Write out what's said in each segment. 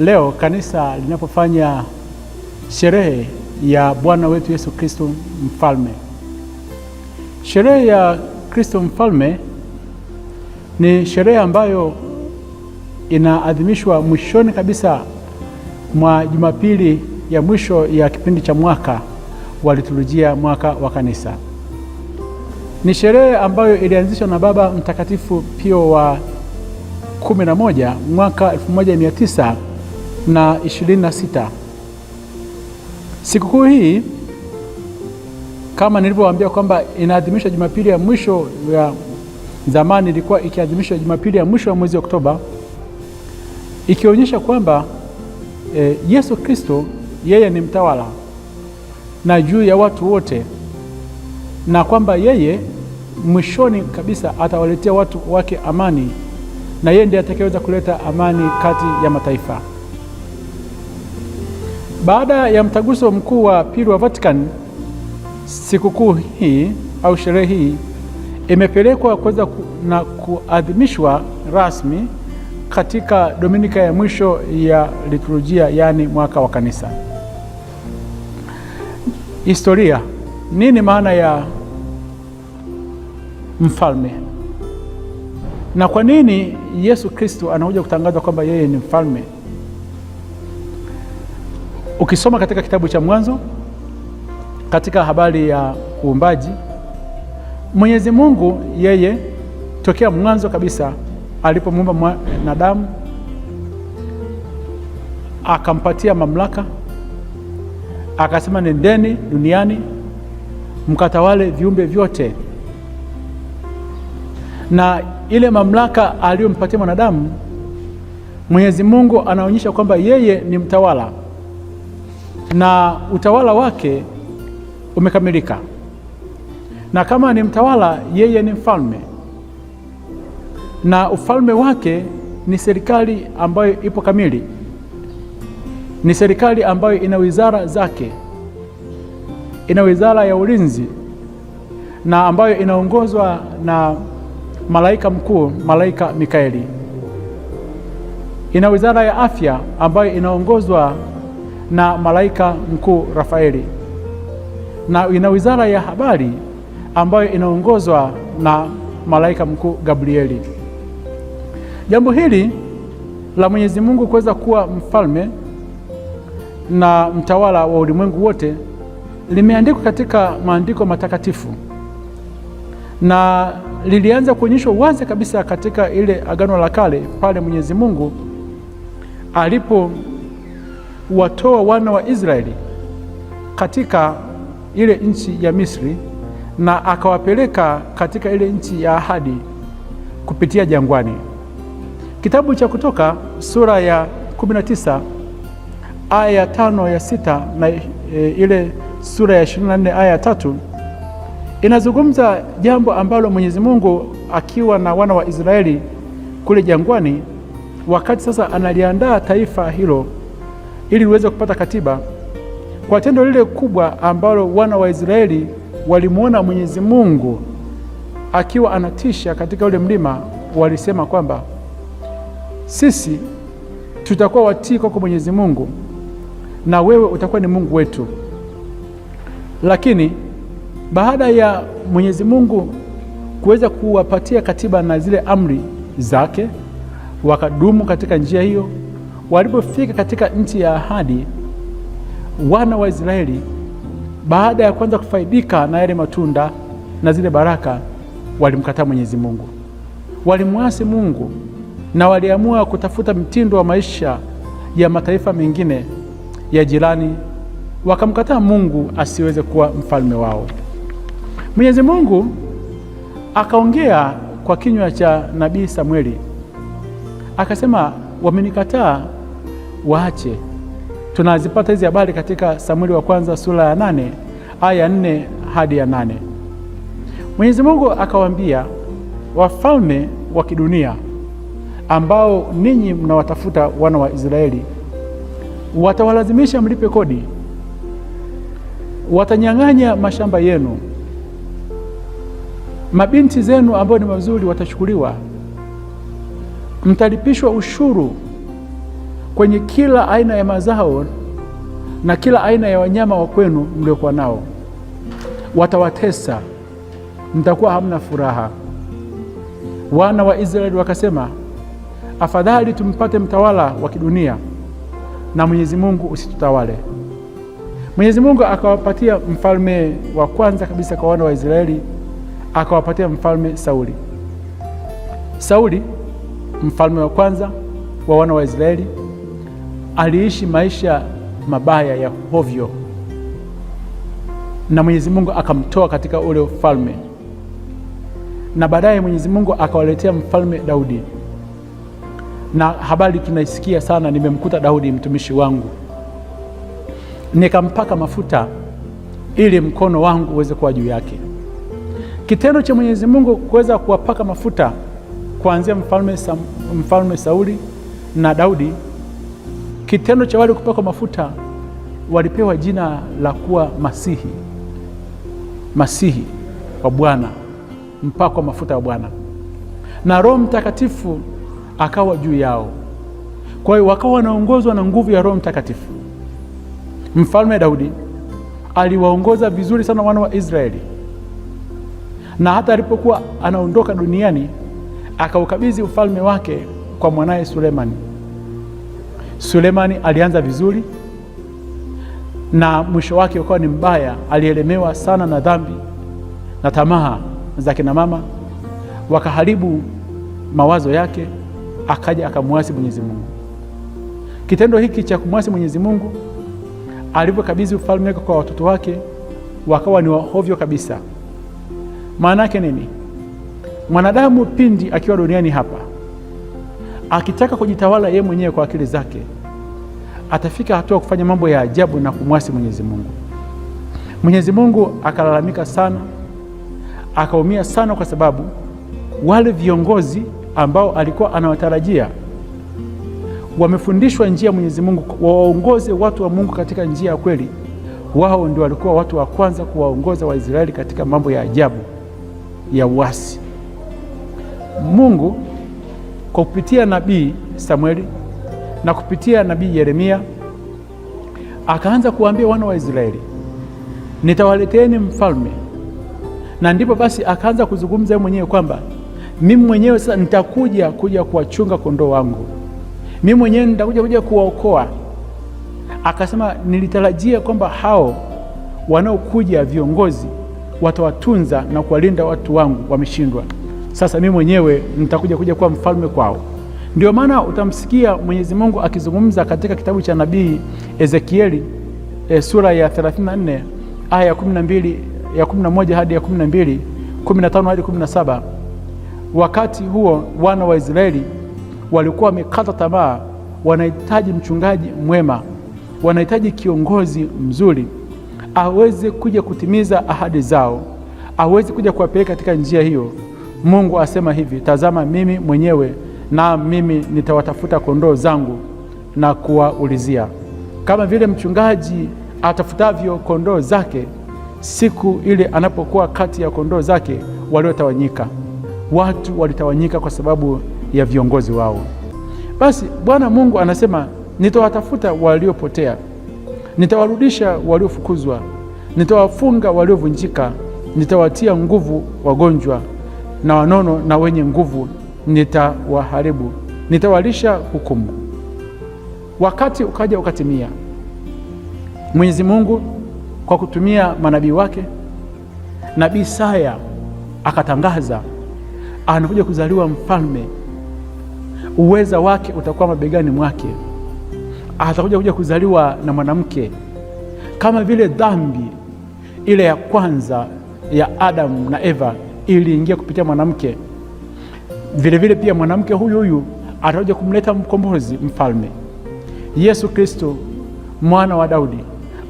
Leo kanisa linapofanya sherehe ya Bwana wetu Yesu Kristo Mfalme, sherehe ya Kristo Mfalme ni sherehe ambayo inaadhimishwa mwishoni kabisa mwa Jumapili ya mwisho ya kipindi cha mwaka wa liturujia mwaka wa kanisa. Ni sherehe ambayo ilianzishwa na Baba Mtakatifu Pio wa kumi na moja mwaka elfu moja mia tisa na 26. Sikukuu hii kama nilivyowaambia kwamba inaadhimishwa Jumapili ya mwisho ya zamani, ilikuwa ikiadhimishwa Jumapili ya mwisho ya mwezi Oktoba, ikionyesha kwamba e, Yesu Kristo yeye ni mtawala na juu ya watu wote, na kwamba yeye mwishoni kabisa atawaletea watu wake amani, na yeye ndiye atakayeweza kuleta amani kati ya mataifa. Baada ya mtaguso mkuu wa pili wa Vatican, sikukuu hii au sherehe hii imepelekwa kuweza na kuadhimishwa rasmi katika dominika ya mwisho ya liturujia, yaani mwaka wa kanisa. Historia. Nini maana ya mfalme na kwa nini Yesu Kristo anakuja kutangaza kwamba yeye ni mfalme? Ukisoma katika kitabu cha Mwanzo katika habari ya uumbaji, Mwenyezi Mungu yeye tokea mwanzo kabisa alipomuumba mwanadamu akampatia mamlaka, akasema nendeni duniani mkatawale viumbe vyote, na ile mamlaka aliyompatia mwanadamu Mwenyezi Mungu anaonyesha kwamba yeye ni mtawala na utawala wake umekamilika, na kama ni mtawala, yeye ni mfalme, na ufalme wake ni serikali ambayo ipo kamili, ni serikali ambayo ina wizara zake, ina wizara ya ulinzi na ambayo inaongozwa na malaika mkuu, malaika Mikaeli, ina wizara ya afya ambayo inaongozwa na malaika mkuu Rafaeli na ina wizara ya habari ambayo inaongozwa na malaika mkuu Gabrieli. Jambo hili la Mwenyezi Mungu kuweza kuwa mfalme na mtawala wa ulimwengu wote limeandikwa katika maandiko matakatifu na lilianza kuonyeshwa wazi kabisa katika ile Agano la Kale pale Mwenyezi Mungu alipo kuwatoa wana wa Israeli katika ile nchi ya Misri na akawapeleka katika ile nchi ya ahadi kupitia jangwani. Kitabu cha Kutoka sura ya 19 aya ya tano ya sita na e, ile sura ya 24 aya ya tatu inazungumza jambo ambalo Mwenyezi Mungu akiwa na wana wa Israeli kule jangwani, wakati sasa analiandaa taifa hilo ili liweze kupata katiba. Kwa tendo lile kubwa ambalo wana wa Israeli walimwona Mwenyezi Mungu akiwa anatisha katika ule mlima, walisema kwamba sisi tutakuwa watii kwako Mwenyezi Mungu na wewe utakuwa ni Mungu wetu. Lakini baada ya Mwenyezi Mungu kuweza kuwapatia katiba na zile amri zake, wakadumu katika njia hiyo Walipofika katika nchi ya ahadi, wana wa Israeli baada ya kwanza kufaidika na yale matunda na zile baraka, walimkataa Mwenyezi Mungu, walimwasi Mungu na waliamua kutafuta mtindo wa maisha ya mataifa mengine ya jirani, wakamkataa Mungu asiweze kuwa mfalme wao. Mwenyezi Mungu akaongea kwa kinywa cha nabii Samweli akasema, wamenikataa waache. Tunazipata hizi habari katika Samueli wa kwanza sura ya nane aya ya nne hadi ya nane. Mwenyezi Mungu akawaambia wafalme wa kidunia ambao ninyi mnawatafuta wana wa Israeli, watawalazimisha mlipe kodi, watanyang'anya mashamba yenu, mabinti zenu ambao ni mazuri watachukuliwa, mtalipishwa ushuru kwenye kila aina ya mazao na kila aina ya wanyama wa kwenu mliokuwa nao. Watawatesa, mtakuwa hamna furaha. Wana wa Israeli wakasema, afadhali tumpate mtawala wa kidunia na Mwenyezi Mungu usitutawale. Mwenyezi Mungu akawapatia mfalme wa kwanza kabisa kwa wana wa Israeli, akawapatia mfalme Sauli. Sauli mfalme wa kwanza wa wana wa Israeli aliishi maisha mabaya ya hovyo, na Mwenyezi Mungu akamtoa katika ule ufalme, na baadaye Mwenyezi Mungu akawaletea mfalme Daudi, na habari tunaisikia sana, nimemkuta Daudi mtumishi wangu, nikampaka mafuta ili mkono wangu uweze kuwa juu yake. Kitendo cha Mwenyezi Mungu kuweza kuwapaka mafuta kuanzia mfalme, mfalme Sauli na Daudi Kitendo cha wale kupakwa mafuta, walipewa jina la kuwa masihi, masihi wa Bwana, mpakwa mafuta wa Bwana, na Roho Mtakatifu akawa juu yao. Kwa hiyo wakawa wanaongozwa na nguvu ya Roho Mtakatifu. Mfalme Daudi aliwaongoza vizuri sana wana wa Israeli, na hata alipokuwa anaondoka duniani akaukabidhi ufalme wake kwa mwanaye Sulemani. Sulemani alianza vizuri na mwisho wake ukawa ni mbaya. Alielemewa sana na dhambi na tamaa za kina mama, wakaharibu mawazo yake, akaja akamwasi Mwenyezi Mungu. Kitendo hiki cha kumwasi Mwenyezi Mungu, alivyokabidhi ufalme kwa watoto wake, wakawa ni wahovyo kabisa. Maana yake nini? Mwanadamu pindi akiwa duniani hapa Akitaka kujitawala yeye mwenyewe kwa akili zake, atafika hatua kufanya mambo ya ajabu na kumwasi Mwenyezi Mungu. Mwenyezi Mungu akalalamika sana, akaumia sana, kwa sababu wale viongozi ambao alikuwa anawatarajia wamefundishwa njia ya Mwenyezi Mungu, wawaongoze watu wa Mungu katika njia ya kweli, wao ndio walikuwa watu wa kwanza kuwaongoza Waisraeli katika mambo ya ajabu ya uasi Mungu kwa kupitia nabii Samueli na kupitia nabii Yeremia akaanza kuambia wana wa Israeli, nitawaleteni mfalme. Na ndipo basi akaanza kuzungumza mwenyewe kwamba mimi mwenyewe sasa nitakuja kuja kuwachunga kondoo wangu, mimi mwenyewe nitakuja kuja kuwaokoa. Akasema nilitarajia kwamba hao wanaokuja viongozi watawatunza na kuwalinda watu wangu, wameshindwa sasa mimi mwenyewe nitakuja kuja kuwa mfalme kwao. Ndio maana utamsikia Mwenyezi Mungu akizungumza katika kitabu cha nabii Ezekieli e, sura ya 34 aya ya 12 ya 11 hadi ya 12, 15 hadi 17. Wakati huo wana wa Israeli walikuwa wamekata tamaa, wanahitaji mchungaji mwema, wanahitaji kiongozi mzuri aweze kuja kutimiza ahadi zao, aweze kuja kuwapeleka katika njia hiyo. Mungu asema hivi, tazama mimi mwenyewe na mimi nitawatafuta kondoo zangu na kuwaulizia. Kama vile mchungaji atafutavyo kondoo zake siku ile anapokuwa kati ya kondoo zake waliotawanyika. Watu walitawanyika kwa sababu ya viongozi wao. Basi Bwana Mungu anasema nitawatafuta waliopotea, nitawarudisha waliofukuzwa, nitawafunga waliovunjika, nitawatia nguvu wagonjwa na wanono na wenye nguvu nitawaharibu, nitawalisha hukumu. Wakati ukaja ukatimia, Mwenyezi Mungu kwa kutumia manabii wake, nabii Isaya akatangaza anakuja kuzaliwa mfalme, uweza wake utakuwa mabegani mwake, atakuja kuja kuzaliwa na mwanamke, kama vile dhambi ile ya kwanza ya Adamu na Eva iliingia kupitia mwanamke. Vilevile pia mwanamke huyu huyu atakuja kumleta mkombozi, mfalme Yesu Kristo mwana wa Daudi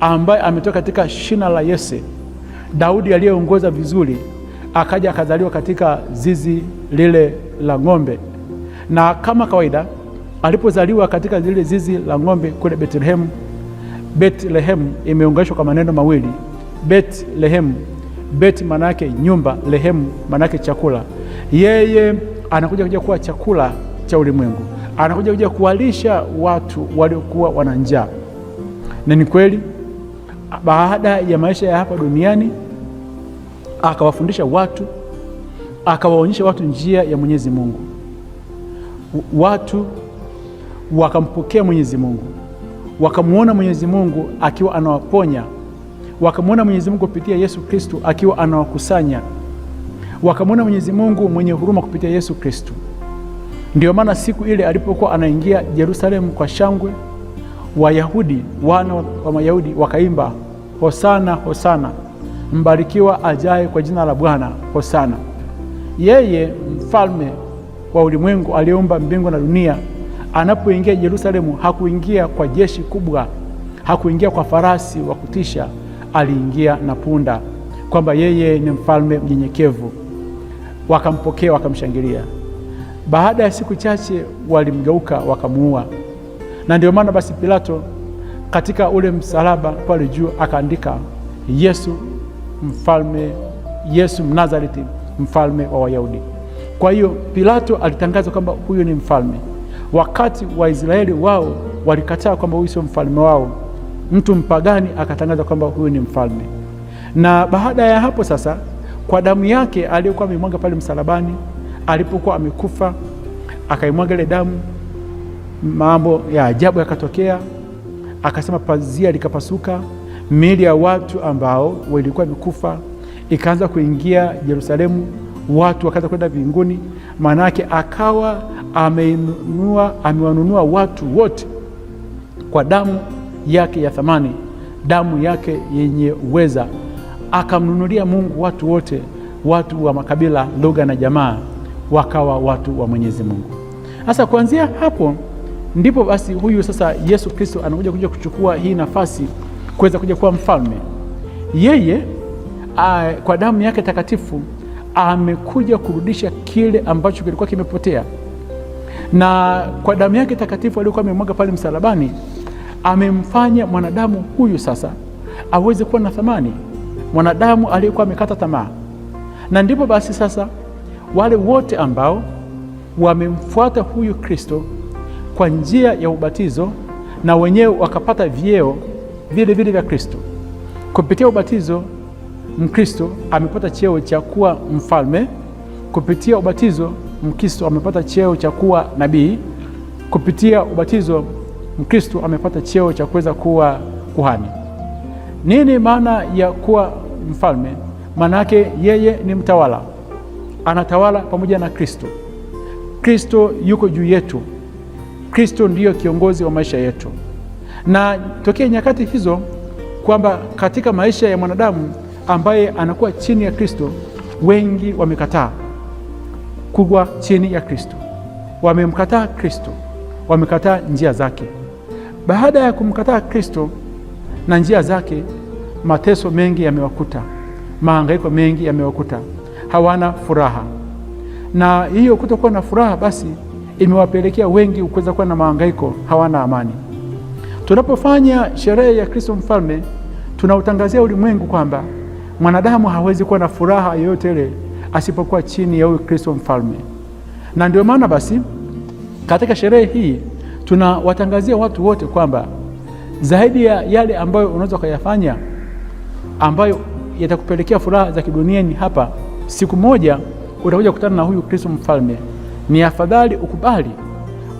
ambaye ametoka katika shina la Yese. Daudi aliyeongoza vizuri akaja akazaliwa katika zizi lile la ng'ombe, na kama kawaida alipozaliwa katika lile zizi la ng'ombe kule Betlehemu. Betlehemu imeunganishwa kwa maneno mawili Betlehemu beti manake nyumba, lehemu manake chakula. Yeye anakuja kuja kuwa chakula cha ulimwengu, anakuja kuja kuwalisha watu waliokuwa wana njaa. Na ni kweli, baada ya maisha ya hapa duniani akawafundisha watu, akawaonyesha watu njia ya Mwenyezi Mungu, watu wakampokea Mwenyezi Mungu, wakamwona Mwenyezi Mungu akiwa anawaponya wakamwona Mwenyezi Mungu kupitia Yesu Kristu akiwa anawakusanya, wakamwona Mwenyezi Mungu mwenye huruma kupitia Yesu Kristu. Ndiyo maana siku ile alipokuwa anaingia Yerusalemu kwa shangwe, Wayahudi, wana wa Mayahudi wakaimba hosana, hosana, mbarikiwa ajaye kwa jina la Bwana, hosana. Yeye mfalme wa ulimwengu aliyeumba mbingu na dunia anapoingia Yerusalemu hakuingia kwa jeshi kubwa, hakuingia kwa farasi wa kutisha, aliingia na punda, kwamba yeye ni mfalme mnyenyekevu. Wakampokea, wakamshangilia. Baada ya siku chache walimgeuka, wakamuua. Na ndio maana basi Pilato katika ule msalaba pale juu akaandika Yesu mfalme, Yesu Mnazareti, mfalme wa Wayahudi. Kwa hiyo Pilato alitangaza kwamba huyu ni mfalme, wakati Waisraeli wao walikataa kwamba huyu sio mfalme wao mtu mpagani akatangaza kwamba huyu ni mfalme. Na baada ya hapo sasa, kwa damu yake aliyokuwa amemwaga pale msalabani, alipokuwa amekufa, akaimwaga ile damu, mambo ya ajabu yakatokea. Akasema pazia likapasuka, miili ya watu ambao walikuwa wamekufa ikaanza kuingia Yerusalemu, watu wakaanza kwenda mbinguni. Maana yake akawa amenunua amewanunua watu wote kwa damu yake ya thamani, damu yake yenye uweza, akamnunulia Mungu watu wote, watu wa makabila, lugha na jamaa, wakawa watu wa Mwenyezi Mungu. Sasa kuanzia hapo ndipo basi huyu sasa Yesu Kristo anakuja kuja kuchukua hii nafasi kuweza kuja kuwa mfalme. Yeye a, kwa damu yake takatifu amekuja kurudisha kile ambacho kilikuwa kimepotea, na kwa damu yake takatifu aliyokuwa amemwaga pale msalabani amemfanya mwanadamu huyu sasa aweze kuwa na thamani, mwanadamu aliyekuwa amekata tamaa. Na ndipo basi sasa wale wote ambao wamemfuata huyu Kristo kwa njia ya ubatizo na wenyewe wakapata vyeo vile vile vya Kristo. Kupitia ubatizo, Mkristo amepata cheo cha kuwa mfalme. Kupitia ubatizo, Mkristo amepata cheo cha kuwa nabii. Kupitia ubatizo Mkristo amepata cheo cha kuweza kuwa kuhani. Nini maana ya kuwa mfalme? Maana yake yeye ni mtawala, anatawala pamoja na Kristo. Kristo yuko juu yetu, Kristo ndiyo kiongozi wa maisha yetu, na tokea nyakati hizo kwamba katika maisha ya mwanadamu ambaye anakuwa chini ya Kristo, wengi wamekataa kuwa chini ya Kristo, wamemkataa Kristo, wamekataa njia zake. Baada ya kumkataa Kristo na njia zake, mateso mengi yamewakuta, mahangaiko mengi yamewakuta, hawana furaha. Na hiyo kutokuwa na furaha basi imewapelekea wengi kuweza kuwa na mahangaiko, hawana amani. Tunapofanya sherehe ya Kristo Mfalme, tunautangazia ulimwengu kwamba mwanadamu hawezi kuwa na furaha yoyote ile asipokuwa chini ya huyu Kristo Mfalme. Na ndio maana basi katika sherehe hii tunawatangazia watu wote kwamba zaidi ya yale ambayo unaweza ukayafanya ambayo yatakupelekea furaha za kiduniani hapa, siku moja utakuja kukutana na huyu Kristo mfalme. Ni afadhali ukubali,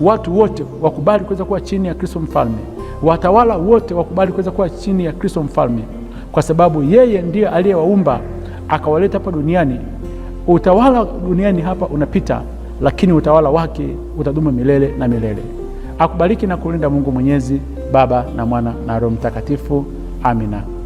watu wote wakubali kuweza kuwa chini ya Kristo mfalme, watawala wote wakubali kuweza kuwa chini ya Kristo mfalme, kwa sababu yeye ndiye aliyewaumba akawaleta hapa duniani. Utawala duniani hapa unapita, lakini utawala wake utadumu milele na milele. Akubariki na kulinda Mungu Mwenyezi, Baba na Mwana na Roho Mtakatifu. Amina.